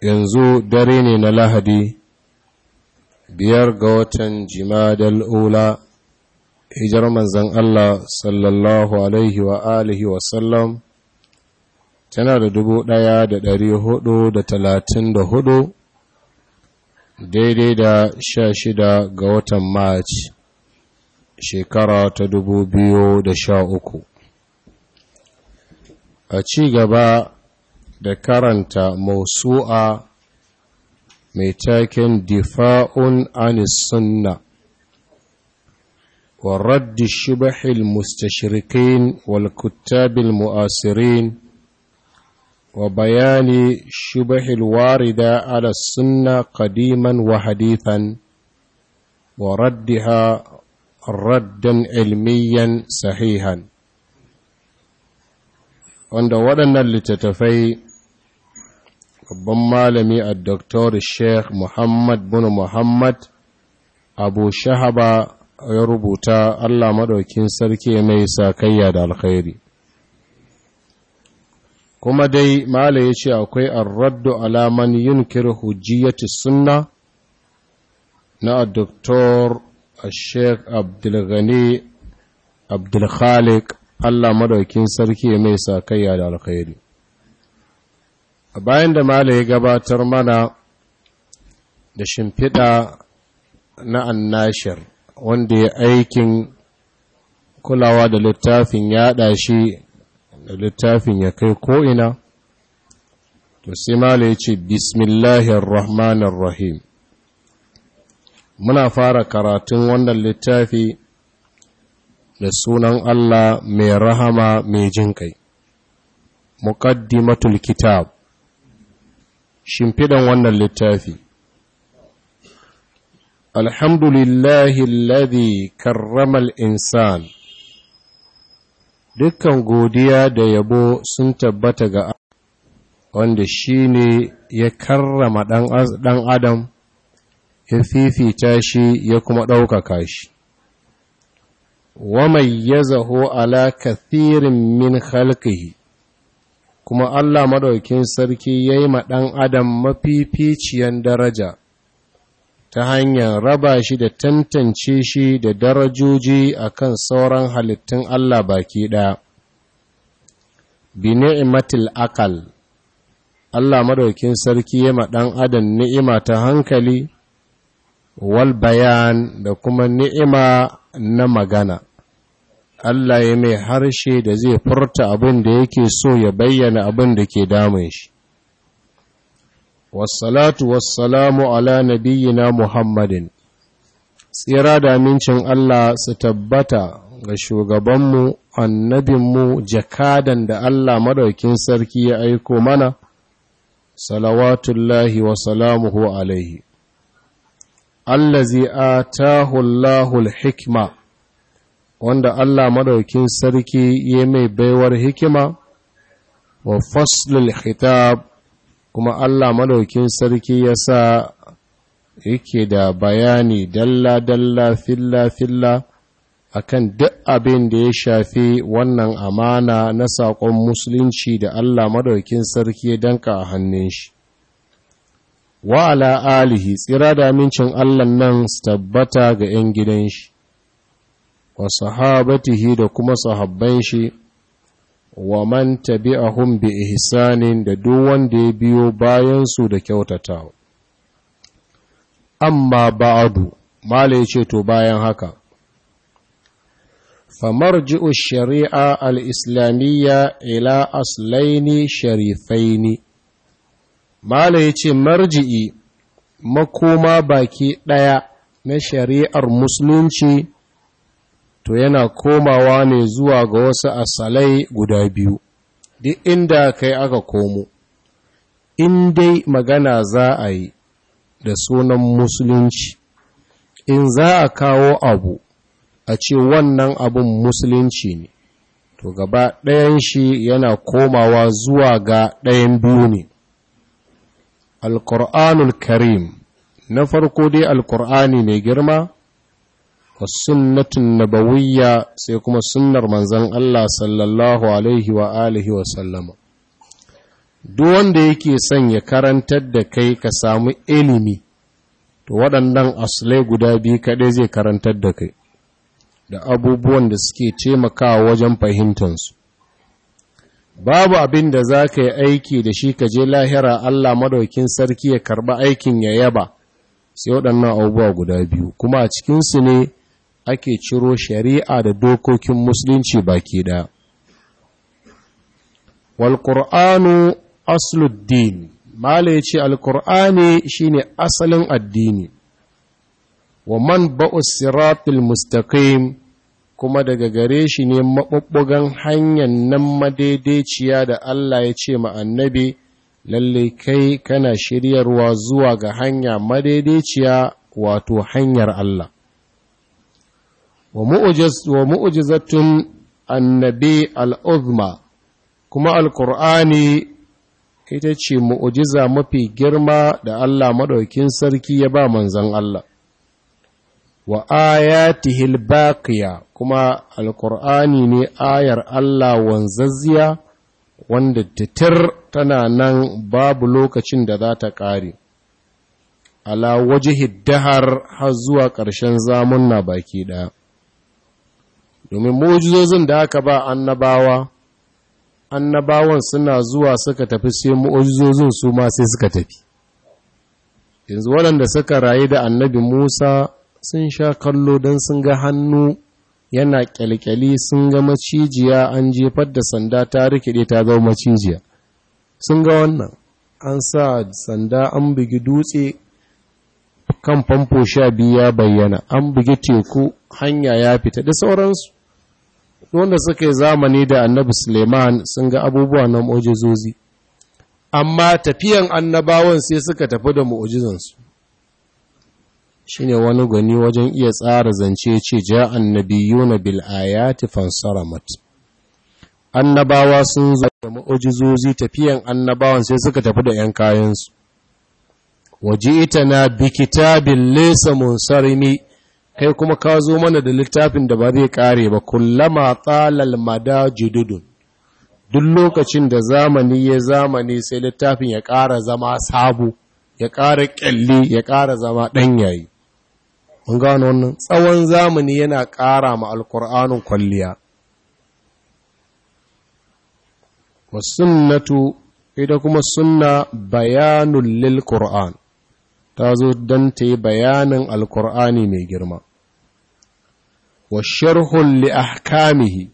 yanzu dare ne na lahadi biyar ga watan jimadal ula hijar manzan Allah sallallahu alaihi wa alihi sallam tana da dubu ɗaya da dari hudu da talatin da hudu daidai da sha shida ga watan march shekara ta dubu biyu da sha uku a ci gaba da karanta mausu'a mai taken difa'un anis sunna wa raddi shibahil mustashirikin wal kuttabil mu'asirin wa bayani shibahil warida ala sunna qadiman wa hadithan wa raddiha raddan ilmiyan sahihan wanda waɗannan littattafai babban malami a Dr. Sheikh Muhammad bin Muhammad Abu Shahaba ya rubuta Allah maɗaukin sarki mai sakayya da alkhairi. Kuma dai Mala ya ce akwai arraddu alaman yin kira hujjiyati sunna na Doktor Sheikh Abdulghani Abdulkhalik Allah maɗaukin sarki mai sakayya da alkhairi. a bayan da mala ya gabatar mana da shimfiɗa na annashir wanda ya aikin kulawa da littafin yaɗa shi da littafin ya kai ko'ina to sai mala ya ce bismillahirrahmanirrahim muna fara karatun wannan littafi da sunan Allah mai rahama mai jinƙai muqaddimatul kitab shimfidan wannan littafi alhamdulillahi alladhi karrama karramal insan dukkan godiya da yabo sun tabbata ga wanda shine ya karrama dan adam ya fifita shi ya kuma ɗaukaka shi wa zaho ala kathirin min khalqihi kuma Allah maɗaukin sarki ya yi maɗan adam mafificiyan daraja ta hanyar raba shi da tantance shi da darajoji a kan sauran halittun Allah baki ɗaya. Bini'imatil akal Allah maɗaukin sarki ya maɗan adam ni'ima ta hankali, wal bayan da kuma ni'ima na magana. Allah ya mai harshe da zai furta abin da yake so ya bayyana abin da ke damun shi. Wassalatu wassalamu ala nabiyyina Muhammadin, tsira da amincin Allah su tabbata ga shugabanmu, annabinmu, jakadan da Allah maɗaukin sarki ya aiko mana, salawatullahi wa salamuhu alaihi. Allazi a tahullahul hikma. wanda Allah madaukin sarki ya mai baiwar hikima wa faslul khitab kuma Allah madaukin sarki ya sa yake da bayani dalla-dalla filla-filla a kan duk abin da ya shafi wannan amana na saƙon musulunci da Allah maɗaukin sarki ya danka a hannun shi. Wa'ala alihi tsira da amincin Allah nan su tabbata ga ‘yan gidan shi. wa sahabatihi da kuma sahabban shi wa man tabi'ahum bi ihsanin da duk wanda ya biyo bayan su da kyautatawa amma ba'adu mala yace to bayan haka shari'a al-islamiyya ila aslaini sharifaini mala yace marji'i makoma baki ɗaya na shari'ar musulunci to yana komawa ne zuwa ga wasu asalai guda biyu duk inda kai aka komo in dai magana za a yi da sunan musulunci in za a kawo abu a ce wannan abin musulunci ne to gaba ɗayan shi yana komawa zuwa ga ɗayan biyu ne Al-Qur'anul karim na farko dai alƙur'ani mai girma wasunnatun nabawiyya sai kuma sunnar manzan Allah sallallahu alaihi wa alihi wa sallama duk wanda yake son ya karantar da kai ka samu ilimi to waɗannan asulai guda biyu kaɗai zai karantar da kai da abubuwan da suke taimakawa wajen fahimtansu babu abin da za ka yi aiki da shi ka je lahira Allah madaukin sarki ya karba aikin ya yaba sai waɗannan abubuwa guda biyu kuma a cikinsu ne ake ciro shari'a da dokokin musulunci baki ɗaya. Walƙur'anu asluddin, Mala ya ce Alƙur'ani shi asalin addini, wa man ba'u siratul mustaqim kuma daga gare shi ne maɓuɓɓugan hanyar nan madaidaiciya da Allah ya ce ma annabi, lalle kai kana shiryarwa zuwa ga hanya madaidaiciya wato hanyar Allah. wa mu'ujizatun annabi al'uzma kuma alkur'ani ita ce mu'ujiza mafi girma da Allah maɗaukin sarki ya ba manzan Allah wa ayatihil baqiya kuma alkur'ani ne ayar Allah wanzazziya wanda titir tana nan babu lokacin da za ta ƙare ala wajihi dahar har zuwa ƙarshen zamunna baki ɗaya domin mu'ujizozin da aka ba annabawa annabawan suna zuwa suka tafi sai mu'ujizozin su ma sai suka tafi yanzu waɗanda suka rayu da annabi Musa sun sha kallo don sun ga hannu yana kyalkyali sun ga macijiya an jefar da sanda ta rikide ta zama macijiya sun ga wannan an sa sanda an bugi dutse kan famfo sha biyu ya bayyana an bugi teku hanya ya fita da sauransu wanda suka yi zamani da annabi suleiman sun ga abubuwa na mu'ujizozi amma tafiyan annabawan sai suka tafi da mu'ujizansu shi ne wani gani wajen iya tsara zance ce ja annabiyuna bil ayati fansaramat annabawa sun zo da mu'ujizozi tafiyan annabawan sai suka tafi da 'yan kayansu waje ita na bikita kitabin lesa munsarimi kai kuma ka zo mana da littafin da ba zai kare ba kullama talal mada jududun duk lokacin da zamani ya zamani sai littafin ya ƙara zama sabo ya ƙara ƙyalli ya ƙara zama ɗanyayi mun gano wannan tsawon zamani yana ƙara ma alkur'anin kwalliya wasunnatu ita kuma sunna bayanun lil ta zo don ta yi bayanin alkur'ani mai girma wa sharhun li ahkamihi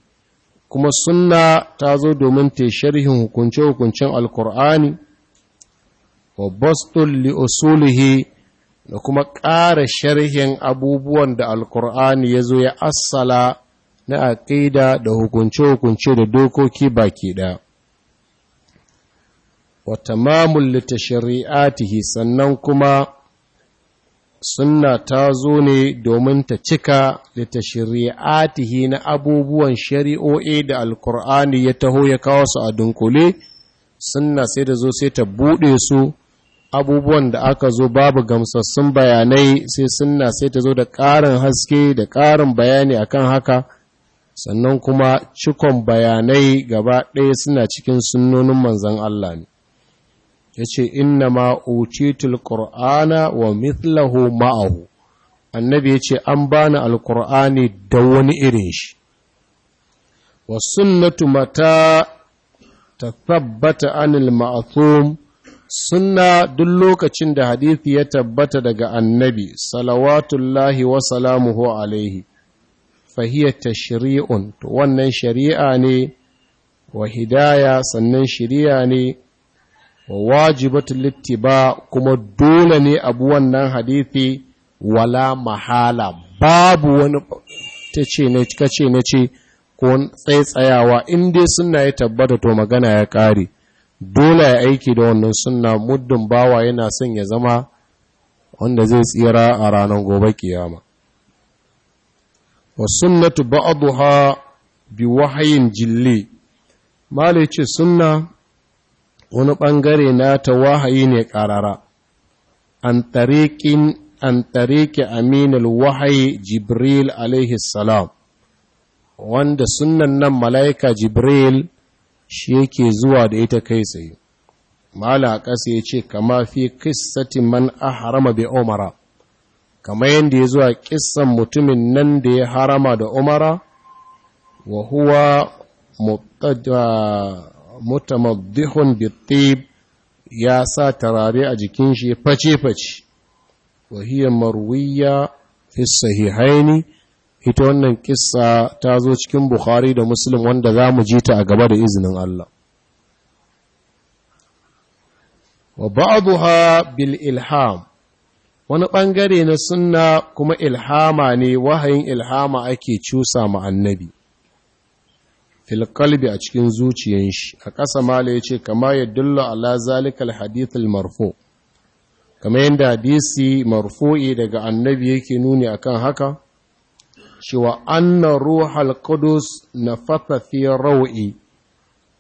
kuma sunna ta zo domin ta sharhin hukunce-hukuncen alkur'ani wa bastun li usulihi da kuma ƙara sharhin abubuwan da alkur'ani ya zo ya assala na aƙida da hukunce-hukunce da dokoki baki ɗaya wa tamamun littashari'atihi sannan kuma sunna ta zo ne domin ta cika da ta shari'atihi na abubuwan shari'o'i da alkur'ani ya taho ya kawo su a dunkule sunna sai da zo sai ta buɗe su abubuwan da aka zo babu gamsassun bayanai sai sunna sai ta zo da ƙarin haske da ƙarin bayani akan haka sannan kuma cikon bayanai gaba ɗaya suna cikin sunnonin manzan Allah ne ya ce inna ma ucitul qur'ana wa mithlahu ma'ahu annabi ya ce an bani alqur'ani da wani irin shi wa sunnatu mata ta tabbata anil ma'thum sunna duk lokacin da hadithi ya tabbata daga annabi salawatullahi wa salamuhu alaihi fahiyar tashri'un to wannan shari'a ne wa hidaya sannan shari'a ne wajibatul littiba kuma dole ne abu wannan hadithi wala mahala babu wani tace ne kace ne ce ko tsayawa in dai sunna ya tabbata to magana ya kare dole ya aiki da wannan sunna muddin bawa yana son ya zama wanda zai tsira a ranar gobe kiyama wa sunnatu ba'daha bi wahyin jilli mala ce sunna wani ɓangare na ta wahayi ne ƙarara an tariƙin an aminul wahayi jibril alaihi salam wanda sunan nan mala'ika jibril shi yake zuwa da ita kai tsaye mala ƙasa ya ce kama fi kissati man a harama bai umara kama yadda ya zuwa kisan mutumin nan da ya harama da umara wa huwa mutamaddihun bitib ya sa tarare a jikin shi face-face wa hiya marwiya fi sahihaini ita wannan kissa ta zo cikin Bukhari da Muslim wanda za mu ji ta a gaba da izinin Allah wa ba'daha bil ilham wani bangare na sunna kuma ilhama ne wahayin ilhama ake cusa ma annabi filkalbi a cikin zuciyan shi a ƙasa mala yace kama ya dullo ala zalikal hadithul marfo kama yadda hadisi marfu'i daga annabi yake nuni akan haka cewa anna ruhal qudus na fi raw'i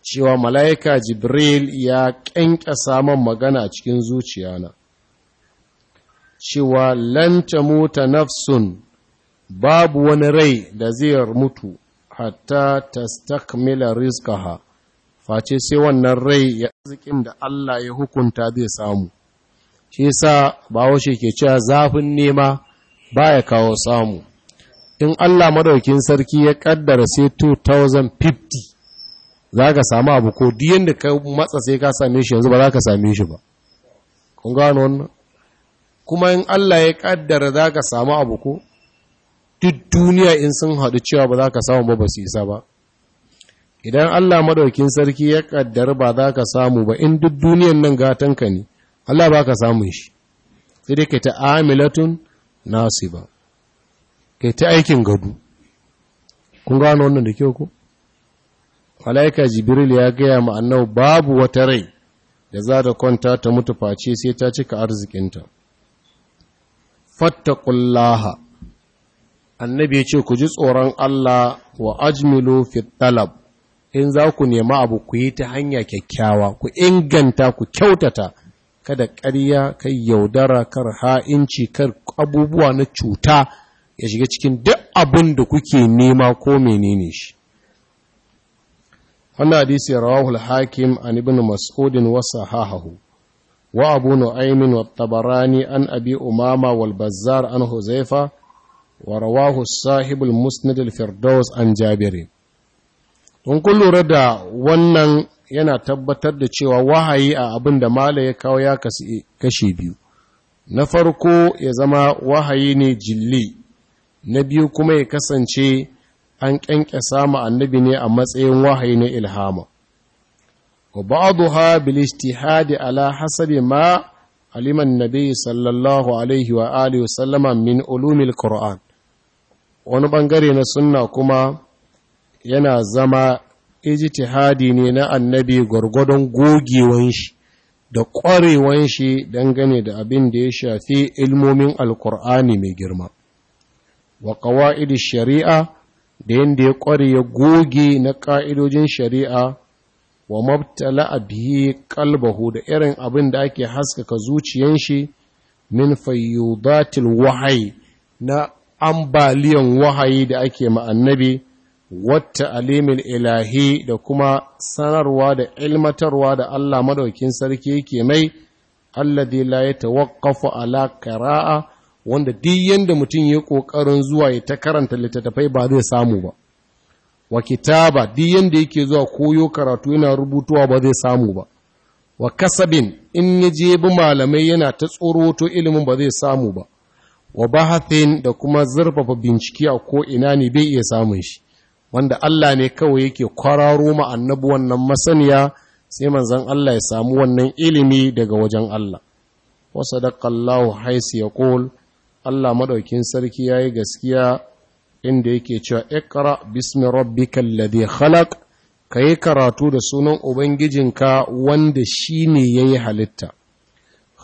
cewa mala'ika jibril ya kenka samun magana a cikin zuciyana cewa lan mota nafsun babu wani rai da zai mutu hatta tastakmila rizqaha face sai wannan rai ya arzikin da Allah ya hukunta zai samu shi sa ba bawoshe ke cewa zafin nema ba ya kawo samu in Allah madaukin sarki ya kaddara sai 2050 ka samu abu ko duk da ka matsa sai ka same shi yanzu ba za ka same shi ba kun gano wannan kuma in Allah ya kaddara ka samu abu ko duk duniya in sun haɗu cewa ba za ka samu ba ba su isa ba idan Allah maɗaukin sarki ya ƙaddar ba za ka samu ba in duk duniyan nan gatan ka ne Allah ba ka samun shi sai dai ka ta amilatun nasiba ka ta aikin gado kun gano wannan da kyau ko malaika jibril ya gaya ma babu wata rai da za ta kwanta ta mutu face sai ta cika arzikinta ƙullaha. annabi ya ce ku ji tsoron Allah wa ajmilu fi talab in za ku nema abu ku yi ta hanya kyakkyawa ku inganta ku kyautata kada ƙarya kai yaudara kar ha'inci kar abubuwa na cuta ya shiga cikin duk abin da kuke nema ko menene shi wannan hadisi rawahu al-hakim an ibn mas'ud wa sahahu wa abu nu'aym wa tabarani an abi umama wal bazzar an huzaifa wa rawahu sahibul الفردوس عن firdaus an jabiri in kun lura da wannan yana tabbatar da cewa wahayi a abin da mala ya kawo ya kashe biyu na farko ya zama wahayi ne jilli na biyu kuma ya kasance an kyanke samu annabi ne a matsayin wahayi na ilhama wa ba'daha bil ijtihad ala hasabi ma aliman nabi sallallahu alaihi wa alihi wa sallama min ulumil qur'an wani ɓangare na sunna kuma yana zama ijtihadi ne na annabi gwargwadon gogewan shi da ƙwarewan shi dangane da abin da ya shafi ilmomin alkur'ani mai girma wa ƙawa'idin shari'a da yadda ya ƙware ya goge na ƙa'idojin shari'a wa mabtala a biyi kalbahu da irin abin da ake haskaka zuciyan shi min fayyudatil wahayi na ambaliyan wahayi da ake ma annabi wata alimin ilahi da kuma sanarwa da ilmatarwa da Allah madaukin sarki yake mai alladhi la yatawaqqafu ala qira'a wanda duk yanda mutum ya ƙoƙarin zuwa ya ta karanta littattafai ba zai samu ba wa kitaba duk yanda yake zuwa koyo karatu yana rubutuwa ba zai samu ba wa kasabin in yaje bi malamai yana ta tsoroto ilimin ba zai samu ba wa bahathin da kuma zurfafa bincike a ko ina ne bai iya samun shi wanda Allah ne kawai yake kwararo ma annabi wannan masaniya sai manzon Allah ya samu wannan ilimi daga wajen Allah wa sadaqallahu haisi ƙol Allah maɗaukin sarki yayi gaskiya inda yake cewa iqra bismi rabbikal ladhi khalaq kai karatu da sunan ubangijinka wanda shine yayi halitta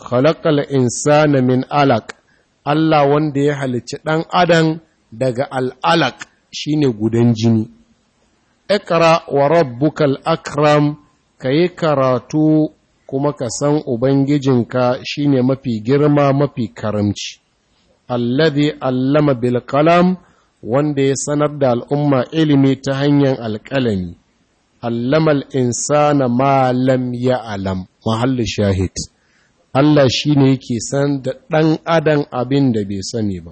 khalaqal insana min alaq Allah wanda ya halicci ɗan adam daga al'alak shine gudan jini. Ikra wa rabbukal akram ka yi karatu kuma ka san Ubangijinka shine mafi girma mafi karamci. Alladhi allama bil wanda ya sanar da al'umma ilimi ta hanyar alƙalami. Allamal insana na malam ya alam, mahallin shahid. Allah shi ne yake san da ɗan adan abin da bai sani ba.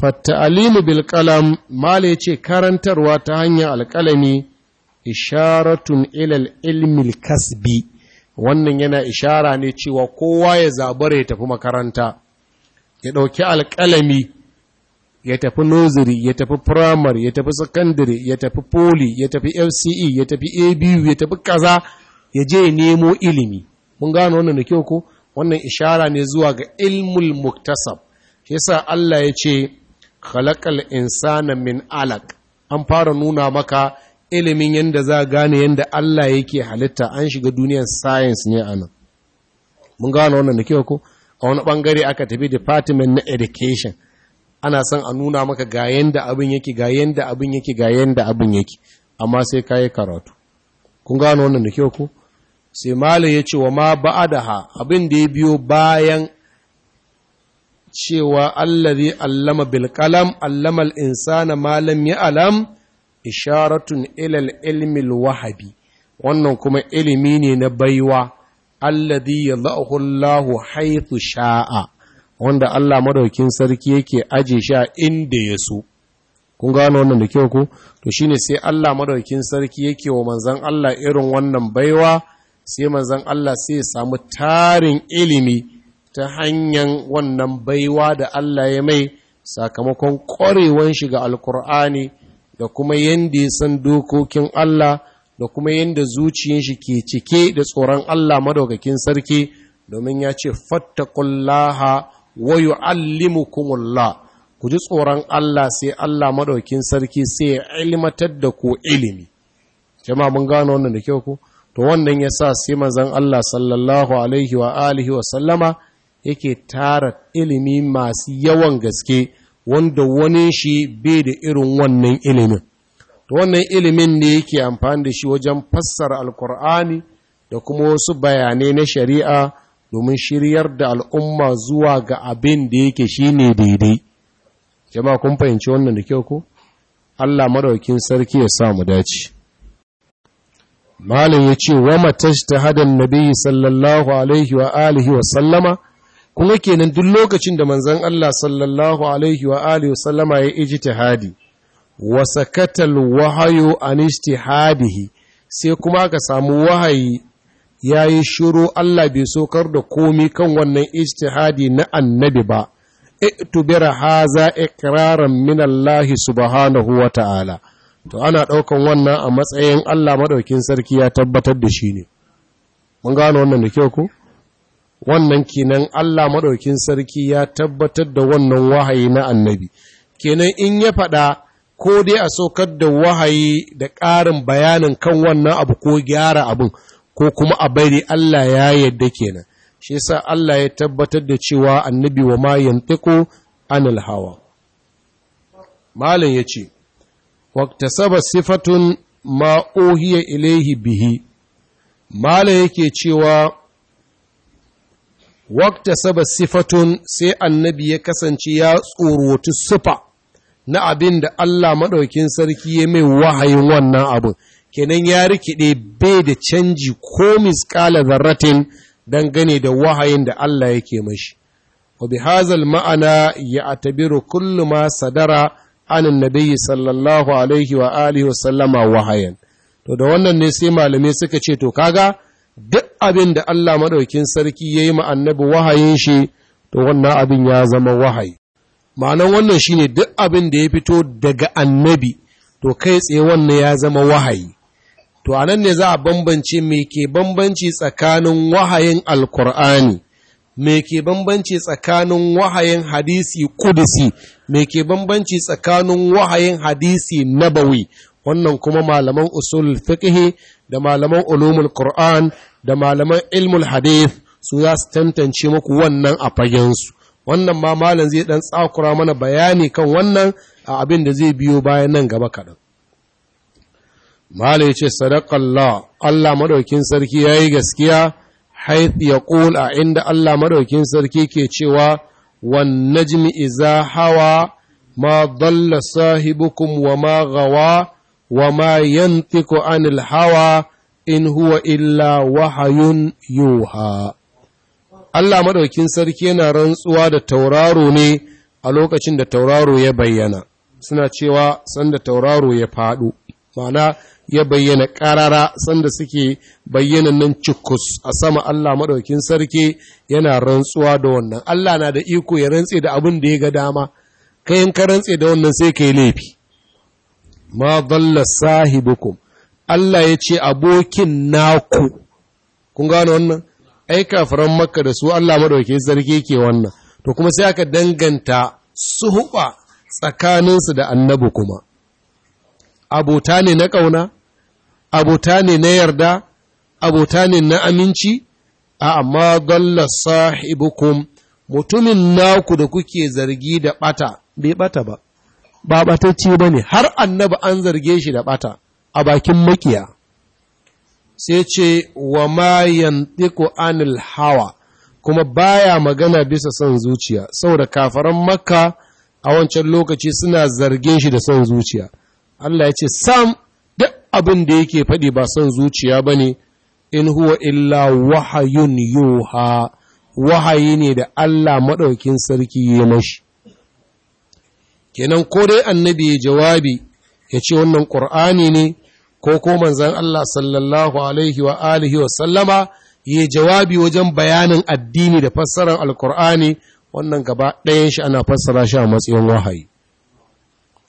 fatta alimu bilkalam mala ya ce karantarwa ta hanyar alƙalami isharatun ilal ilmil kasbi wannan yana ishara ne cewa kowa ya zabar ya tafi makaranta, ya ɗauki alƙalami ya tafi noziri, ya tafi firamar, ya tafi sakandare, ya tafi poli, ya tafi FCE, ya tafi ABU, ya tafi kaza, ya je nemo ilimi. mun gano wannan da kyau ko wannan ishara ne zuwa ga ilmul muktasab shi yasa Allah ya ce khalaqal insana min alaq an fara nuna maka ilimin yanda za gane yanda Allah yake halitta an shiga duniyar science ne anan mun gano wannan da kyau ko a wani bangare aka tafi department na education ana son a nuna maka ga yanda abin yake ga yanda abin yake ga yanda abin yake amma sai kayi karatu kun gano wannan da kyau ko sai mala ya ce wa ma ba'adaha abin da ya biyo bayan cewa allazi allama bilkalam Allamal insana malam ya alam isharatun ilal ilmil wahabi wannan kuma ilimi ne na baiwa allazi ya la'ahullahu haithu sha'a wanda Allah madaukin sarki yake aje sha inda ya so kun gano wannan da kyau ko to shine sai Allah madaukin sarki yake wa manzon Allah irin wannan baiwa sai manzan Allah sai ya samu tarin ilimi ta hanyar wannan baiwa da Allah ya mai sakamakon ƙwarewan ga alkur'ani da kuma yadda ya san dokokin Allah da kuma yadda zuciyar shi ke cike da tsoron Allah madaukakin sarki domin ya ce fattakullaha wa yu'allimukumullah ku ji tsoron Allah sai Allah madaukakin sarki sai ya ilmatar da ku ilimi jama'a mun gano wannan da kyau ku to wannan ya sa sai mazan Allah sallallahu alaihi wa alihi wa sallama yake tara ilimi masu yawan gaske wanda wani shi bai da irin wannan ilimin to wannan ilimin ne yake amfani da shi wajen fassara alkur'ani da kuma wasu bayanai na shari'a domin shiryar da al'umma zuwa ga abin da yake shine daidai jama'a kun fahimci wannan da kyau ko Allah madaukin sarki ya sa mu dace malam ya ce wa matash ta hadan nabi sallallahu alaihi wa alihi wa sallama kuma kenan duk lokacin da manzon Allah sallallahu alaihi wa alihi wa sallama ya ijtihadi wa wahayo wahayu an ijtihadihi sai kuma ka samu wahayi yayi shiru Allah bai sokar da komi kan wannan ijtihadi na annabi ba i'tubira haza ikraran min Allah subhanahu wa ta'ala to ana ɗaukan wannan a matsayin Allah maɗaukin sarki ya tabbatar da shi ne mun gano wannan da kyau ku wannan kenan Allah maɗaukin sarki ya tabbatar da wannan wahayi na annabi kenan in ya faɗa ko dai a saukar da wahayi da ƙarin bayanin kan wannan abu ko gyara abin ko kuma a bari Allah ya yadda kenan shi yasa Allah ya tabbatar da cewa annabi wa ma yantiqu anil hawa malam ya ce. واكتسب sifatun ma أوهي إليه bihi ما yake cewa waktasaba sifatun sai annabi ya kasance ya tsoroti sifa na abin da Allah maɗaukin sarki ya mai wahayin wannan abin kenan ya rikide bai da canji ko miskala zarratin gane da wahayin da Allah yake mashi wa bi hazal ma'ana ya atabiru kullu ma sadara anin nabi sallallahu alaihi wa alihi wa sallama wahayan to da wannan ne sai malamai suka ce to kaga duk abin da Allah madaukin sarki yayi ma annabi wahayin shi to wannan abin ya zama wahayi ma'anan wannan shine duk abin da ya fito daga annabi to kai tsaye wannan ya zama wahayi to anan ne za a bambance me ke bambanci tsakanin wahayin alkur'ani me ke bambanci tsakanin wahayin hadisi kudusi me ke bambanci tsakanin wahayin hadisi nabawi wannan kuma malaman usul fiqh da malaman ulumul qur'an da malaman ilmul hadith su za su tantance muku wannan a fagensu wannan ma malam zai dan tsakura mana bayani kan wannan a abin da zai biyo bayan nan gaba kaɗan malam ce sadakallah allah maɗaukin sarki ya yi gaskiya haith ya a inda allah maɗaukin sarki ke cewa wan najmi iza hawa ma dalla sahibukum wa ma gawa wa ma yantiku anil hawa in huwa illa wahayun yuha Allah maɗaukin sarki yana rantsuwa da tauraro ne a lokacin da tauraro ya bayyana suna cewa sanda tauraro ya faɗo ma'ana ya bayyana ƙarara sanda suke bayyana nan cikus a sama Allah maɗaukin sarki yana rantsuwa da wannan Allah na da iko ya rantse da abin da ya ga dama kayan ka rantse da wannan sai ka yi laifi ma dalla sahibukum Allah ya ce abokin naku kun gane wannan ai kafiran makka da su Allah maɗaukin sarki ke wannan to kuma sai aka danganta suhuba tsakaninsu da annabi kuma abota ne na ƙauna abota ne na yarda abota ne na aminci a amma galla sahibukum mutumin naku da kuke zargi da ɓata bai ɓata ba ba ce ba ne har annaba an zarge shi da ɓata a bakin makiya sai ce wa ma yantiku anil hawa kuma baya magana bisa son zuciya saboda kafaran makka a wancan lokaci suna zarge shi da son zuciya Allah ya ce sam duk abin da yake faɗi ba son zuciya ba ne in huwa illa wahayun yoha wahayi ne da Allah maɗaukin sarki ya mashi kenan ko dai annabi ya jawabi ya ce wannan ƙur'ani ne ko ko manzan Allah sallallahu alaihi wa alihi wa sallama ya jawabi wajen bayanin addini da fassarar alkur'ani wannan gaba ɗayan shi ana fassara shi a matsayin wahayi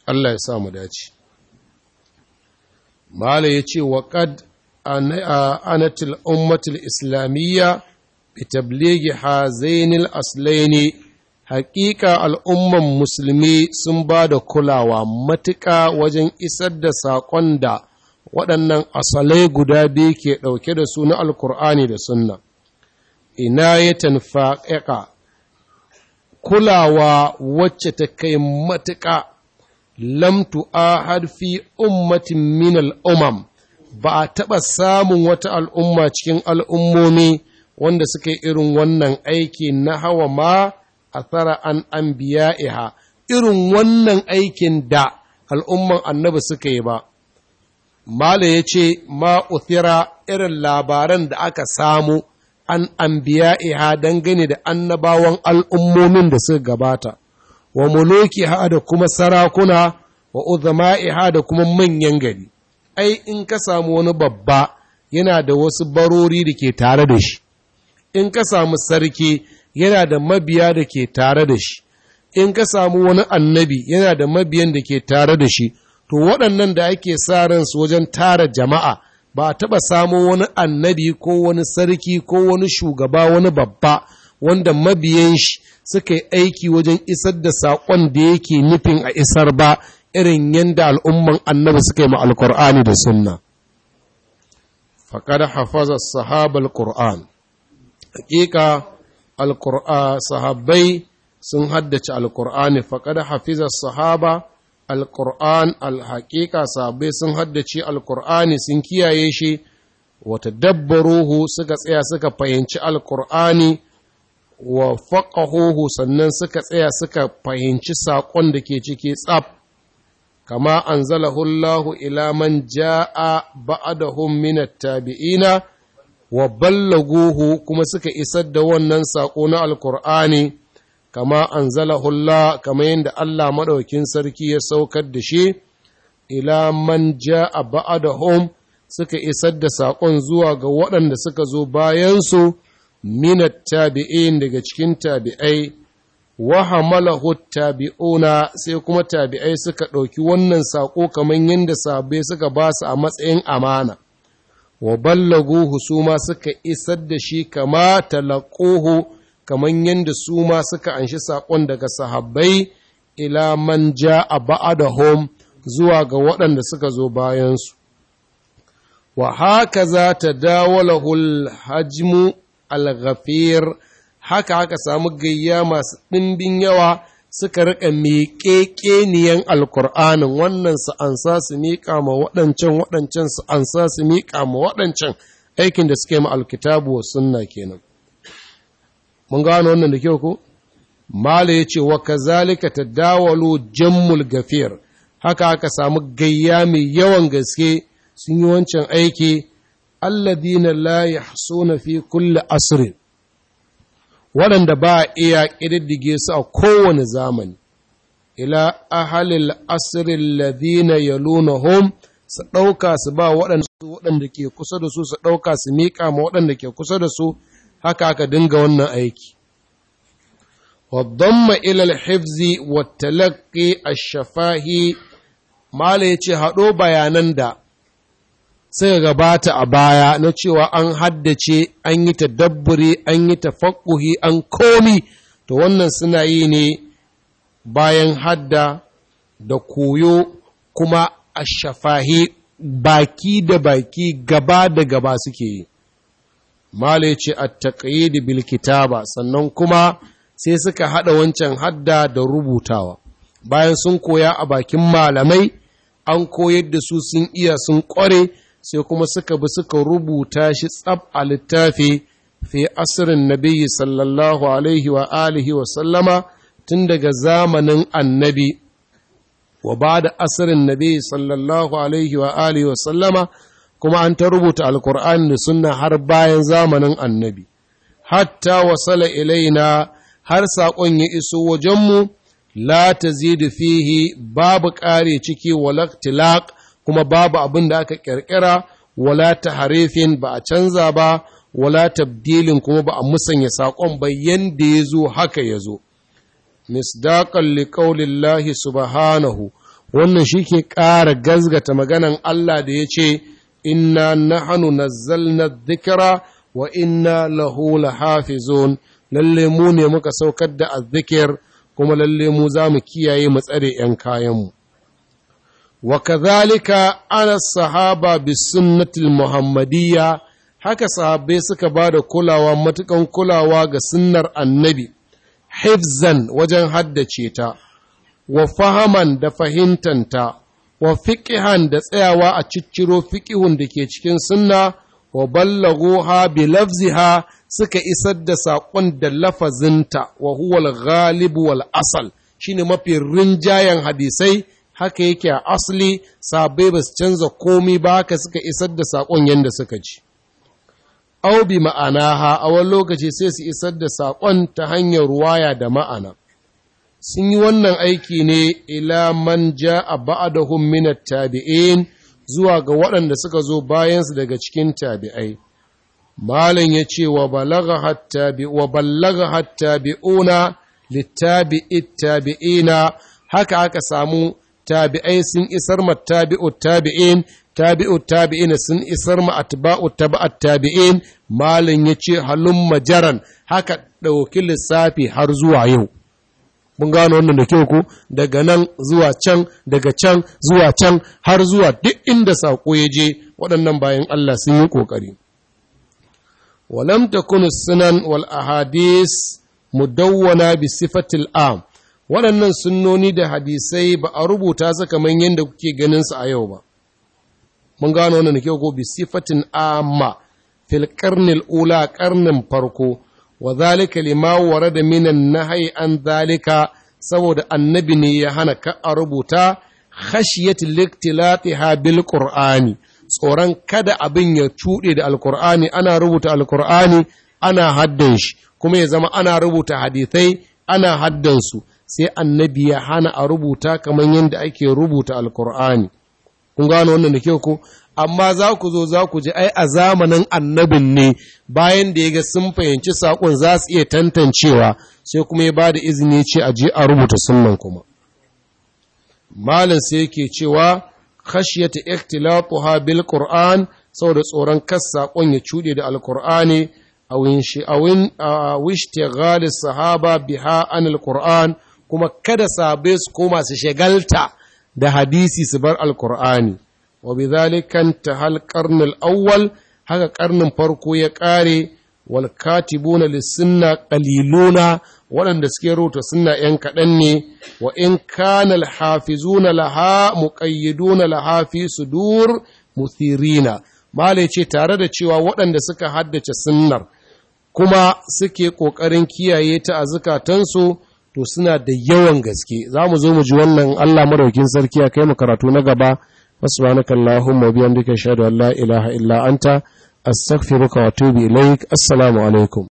Allah ya sa mu dace mala ya ce wa qad anatil ummatul islamiyya bi tabligi hazainil aslaini haƙiƙa al'umman musulmi sun ba da kulawa matuƙa wajen isar da saƙon da waɗannan asalai guda biyu ke ɗauke da su na alkur'ani da sunna ina ya tanfaƙaƙa kulawa wacce ta kai matuƙa lam tu'ahad fi ummatin min al'umam ba a taɓa samun wata al'umma cikin al'ummomi wanda suka yi irin wannan aiki na hawa ma a tsara an an irin wannan aikin da al'umman annabi suka yi ba mala ya ce ma uthira irin labaran da aka samu an an dangane da annabawan al'ummomin da suka gabata wa muluki ha da kuma sarakuna wa uzama'i ha da kuma manyan gari ai in ka samu wani babba yana da wasu barori da ke tare da shi in ka samu sarki yana da mabiya da ke tare da shi in ka samu wani annabi yana da mabiyan da ke tare da shi to waɗannan da ake sa ran su wajen tara jama'a ba a taɓa samo wani annabi ko wani sarki ko wani shugaba wani babba wanda mabiyan shi suka yi aiki wajen isar da saƙon da yake nufin a isar ba irin yadda al'umman annabi suka yi ma alkur'ani da sunna Fakada hafaza sahabar al’ur'an. haƙiƙa sahabbai sun haddace alkur'ani Fakada hafiza sahaba al’ur'an alhaƙiƙa sahabbai sun haddace al’ur'ani sun kiyaye shi wata dabbaruhu suka tsaya suka fahimci alkur'ani wa faƙahohu sannan suka tsaya suka fahimci saƙon da ke ciki tsaf kama an zala zalahullahu ilaman ja'a ba’adahun minat tabi'ina wa ballaguhu kuma suka isar da wannan saƙo na alkur'ani kama an zala hulla, kama yadda Allah maɗaukin sarki ya saukar da shi ilaman ja'a ba'adahum suka isar da saƙon zuwa ga waɗanda suka zo bayansu minat tabi'in daga cikin tabi'ai wa hamalahu tabi'una sai kuma tabi'ai suka ɗauki wannan saƙo kamar yadda sabai suka ba su a matsayin amana wa ballagu husuma suka isar da shi kama talaquhu kamar yadda su ma suka anshi saƙon daga sahabbai ila man ja'a ba'adahum zuwa ga waɗanda suka zo bayansu wa haka za ta dawalahul hajmu al haka haka samu gayya masu ɗimbin yawa suka riƙa miƙeƙeniyan alkur'anin wannan su ansa su miƙa ma waɗancan waɗancan su ansa su miƙa ma waɗancan aikin da suke ma alkitabu wa sunna kenan mun gano wannan da kyau ko mala yace wa kazalika tadawalu jammul gafir haka aka samu gayya mai yawan gaske sun yi wancan aiki alladina la suna fi kulli asirin, waɗanda ba iya ƙididdige su a kowane zamani ila ahalil asirin ladina yalunahum su ɗauka su ba waɗanda ke kusa da su su ɗauka su miƙa ma waɗanda ke kusa da su haka aka dinga wannan aiki ma ilal hifzi wa talaqqi ash-shafahi mala yace haɗo bayanan da suka gabata a baya na cewa an haddace an yi dabbure, an yi tafakkuhi an komi to wannan suna yi ne bayan hadda da koyo kuma a shafahi baki da baki gaba da gaba suke yi male ce a taƙayi bil kitaba sannan kuma sai suka haɗa wancan hadda da rubutawa bayan sun koya a bakin malamai an koyar da su sun iya sun ƙware sai kuma suka bi suka rubuta shi tsab a littafi fi asirin nabi sallallahu alaihi wa alihi wa sallama tun daga zamanin annabi wa ba da asirin nabi sallallahu alaihi wa alihi wa sallama kuma an ta rubuta alkur'ani da sunna har bayan zamanin annabi hatta wasala ilaina har saƙon ya iso wajenmu la ta fihi babu ƙare ciki walaktilaq kuma babu abin da aka ƙirƙira wala ta harifin ba a canza ba wala tabdilin kuma ba a musanya saƙon ba yanda ya zo haka ya zo misdaƙan liƙaulillahi subhanahu wannan shi ke ƙara gazgata maganan Allah da ya ce inna nahanu nazzalna dhikra wa inna lahu lahafizun lalle mu ne muka saukar da azzikir kuma lalle mu za mu kiyaye mu tsare 'yan kayanmu wa kazalika ana sahaba bi sunnatil muhammadiyya haka sahabai suka ba da kulawa matukan kulawa ga sunnar annabi hifzan wajen haddace ta wa fahaman da fahimtanta wa fiƙihan da tsayawa a cicciro fiƙihun da ke cikin sunna wa ballagoha bi lafziha suka isar da saƙon da lafazinta wa huwal ghalib wal asal shine mafi rinjayen hadisai haka yake a asali sabai ba su canza komi ba haka suka isar da saƙon yadda suka ci au bi ha a wani lokaci sai su isar da saƙon ta hanyar waya da ma'ana sun yi wannan aiki ne ila man ja a ba'dahum min at-tabi'in zuwa ga waɗanda suka zo bayansu daga cikin tabi'ai malam ya ce wa balaga hatta bi'una littabi'it tabi'ina haka aka samu tabi'ai sun isar ma tabi'u tabi'in tabi'u tabi'in sun isar ma atba'u taba'at tabi'in malin ce, halum majaran haka ɗauki lissafi har zuwa yau mun gano wannan da kyau ko daga nan zuwa can daga can zuwa can har zuwa duk inda sako ya je waɗannan bayan Allah sun yi ƙoƙari walam takunu sunan wal ahadis mudawwana bi sifatil am waɗannan sunnoni da hadisai ba a rubuta su kamar yadda kuke ganin su a yau ba mun gano wannan kyau ko bi sifatin amma fil karnil ula karnin farko wa zalika lima warada minan nahai an zalika saboda annabi ne ya hana ka a rubuta liktilati ha bil qur'ani tsoron kada abin ya cuɗe da alkur'ani ana rubuta alkur'ani ana haddan shi kuma ya zama ana rubuta hadisai, ana haddansu sai annabi ya hana a rubuta kamar yadda ake rubuta alkur'ani kun gano wannan da kyau ko amma za ku zo za ku ji ai a zamanin annabin ne bayan da ya ga sun fahimci sakon za su iya tantancewa sai kuma ya ba da izini ce a je a rubuta sunan kuma malin sai yake cewa khashyata ikhtilatuha bil qur'an saboda tsoron kas sakon ya cuɗe da alqur'ani awin shi sahaba biha an qur'an kuma kada sabe su koma su shagalta da hadisi su bar alkur'ani wa bi zalikan tahal qarnul awwal haka ƙarnin farko ya kare wal katibuna lisunna qaliluna waɗanda suke rubuta sunna ‘yan kaɗan ne, wa in kana alhafizuna laha muƙayyiduna laha fi sudur muthirina. Malai ce tare da cewa waɗanda suka haddace sunnar kuma suke ƙoƙarin kiyaye ta a zukatansu to suna da yawan gaske za mu zo mu ji wannan Allah madaukin sarki a kai mu karatu na gaba subhanaka allahumma bihamdika ashhadu an la ilaha illa anta astaghfiruka wa atubu ilaik assalamu alaikum